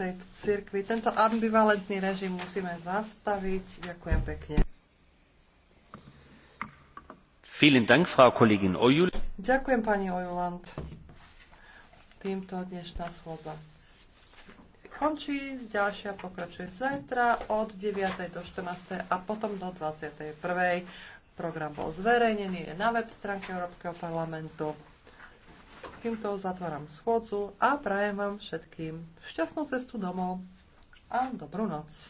tejto cirkvi. Tento ambivalentný režim musíme zastaviť. Ďakujem pekne. Ďakujem pani Ojuland. Týmto dnešná schôdza končí, ďalšia pokračuje zajtra od 9. do 14. a potom do 21. Program bol zverejnený, je na web stránke Európskeho parlamentu. Týmto zatváram schôdzu a prajem vám všetkým šťastnú cestu domov a dobrú noc.